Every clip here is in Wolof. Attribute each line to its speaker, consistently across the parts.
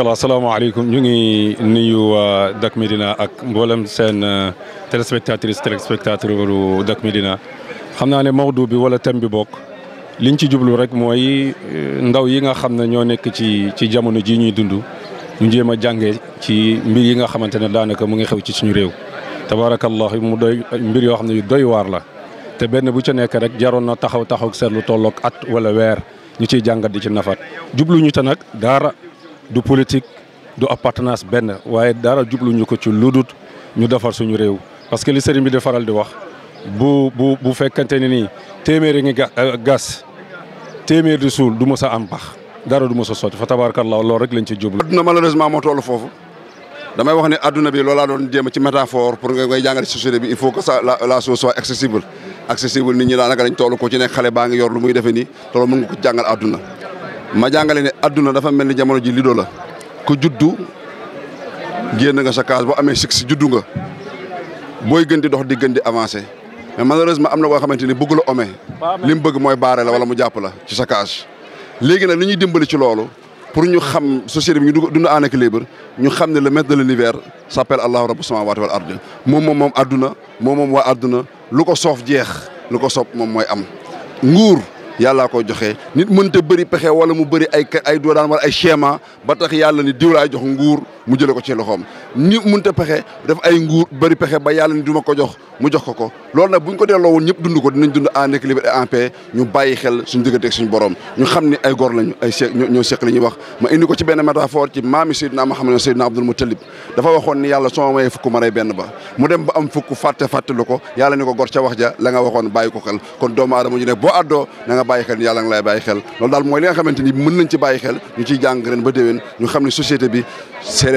Speaker 1: tabarakallah salaamaaleykum ñu ngi nuyu waa Dak Médina ak mboolem seen téléspectatrice téléspectateur Dak Médina xam naa ne mawdu bi wala thème bi bokk liñ ci jublu rek mooy ndaw yi nga xam ne ñoo nekk ci ci jamono jii ñuy dund ñu jéem a jàngee ci mbir yi nga xamante ne daanaka mu ngi xew ci suñu réew tabarakallah mu doy mbir yoo xam ne yu doy waar la te benn bu ca nekk rek jaroon na taxaw taxaw seetlu tolloog at wala weer ñu ciy jàngat di ci nafat jubluñu te nag dara du politique du appartenance benn waaye dara jublu ñu ko ci ludut ñu defar suñu réew parce que li sëriñ bi di faral di wax bu bu bu fekkante ne nii téeméeri ngi euh, gas téeméer di suul du mos a am baax dara du mos a sotti fa tabaarkallaa loolu rek lañ ci jublu.
Speaker 2: adduna malheureusement moo toll foofu damay wax ne adduna bi loolaa doon jéem ci métaphore pour nga ngay jàngale société bi il faut que ça la la accessible accessible nit ñi daanaka dañ toll ko ci nekk xale baa ngi yor lu muy defee nii te loolu nga ko jàngal adduna. ma jangale ne aduna dafa melni jamono ji lido la ku juddu genn nga sa kaas boo amee six juddu nga boy gën di dox di gën di mais malheureusement amna ko xamanteni ni bëgg lu omé lim bëgg moy baré la wala mu japp la ci sa kaas légui nak li dimbali ci lolu pour ñu xam société bi ñu dund en équilibre ñu xam ne le maître de l'univers s'appelle Allah rabbus samawati wal ard mom mom mom aduna mom mom wa aduna luko sof jeex luko mom moy am nguur yàllaa koy joxe nit ta bëri pexe wala mu bëri ay ay doodaan wala ay schéma ba tax yàlla ni diw laay jox nguur mu jële ko ci loxoom ñi munta pexe def ay nguur bëri pexe ba yàlla ni du ma ko jox mu jox ko ko loolu nag buñ ko delloo woon ñëpp dund ko dinañ dund en équilibre en paix ñu bàyyi xel suñu diggante ak suñu borom ñu xam ni ay lañu ay ñoo wax ma indi ko ci benn métaphore ci maami Seydina Muhammad Abdul Mutalib dafa waxoon ni yàlla soo mayee fukk ba mu dem ba am fukk fàtte fàttelu ko yàlla ni ko gor ca wax ja la nga waxoon bàyyi ko xel kon doomu aadama ñu ne boo addoo na nga bàyyi xel ni nga lay bàyyi xel loolu daal mooy li nga mën nañ ci xel ñu ba ñu société bi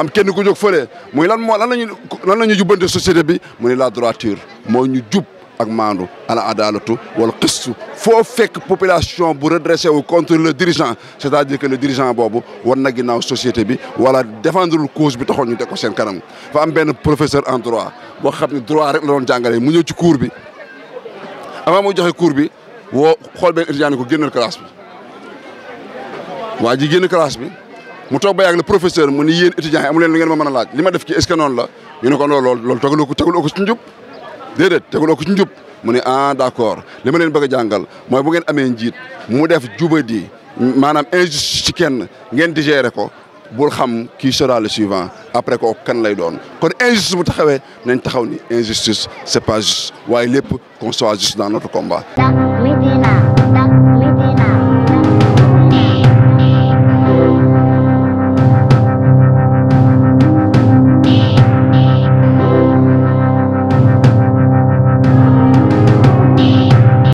Speaker 2: am kenn ku jóg fële muy lan moo lan lañu lan la ñu jubbante société bi mu ne la droiture moo ñu jub ak maandu ala adaalatu wala xistu foo fekk population bu redressé wu contre le dirigeant c'est-à-dire que boobu war na ginnaaw société bi wala défendrul cause bi taxoon ñu teg ko seen kanam fa am benn professeur en droit boo xam ne droit rek la doon jàngale mu ñëw ci cours bi avant mu joxe cours bi woo xool benn étudiant ni ko génnal classe bi waa ji génn classe bi mu toog ba yàgg le professeur mu ni yéen étudiants yi amu leen lu ngeen ma mën a laaj li ma def ci est-ce que noonu la ñu ne ko loolu loolu loolu tegaloo ko tegaloo ko ci njub déedéet mu ne ah d'accord li ma leen bëgg a jàngal mooy bu ngeen amee njiit mu def jubadi maanaam injuste ci kenn ngeen digéré ko bul xam qui sera le suivant après ko kan lay doon kon injustice bu taxawee nañ taxaw ni injustice c'est pas juste waaye lépp qu'on soit juste dans notre combat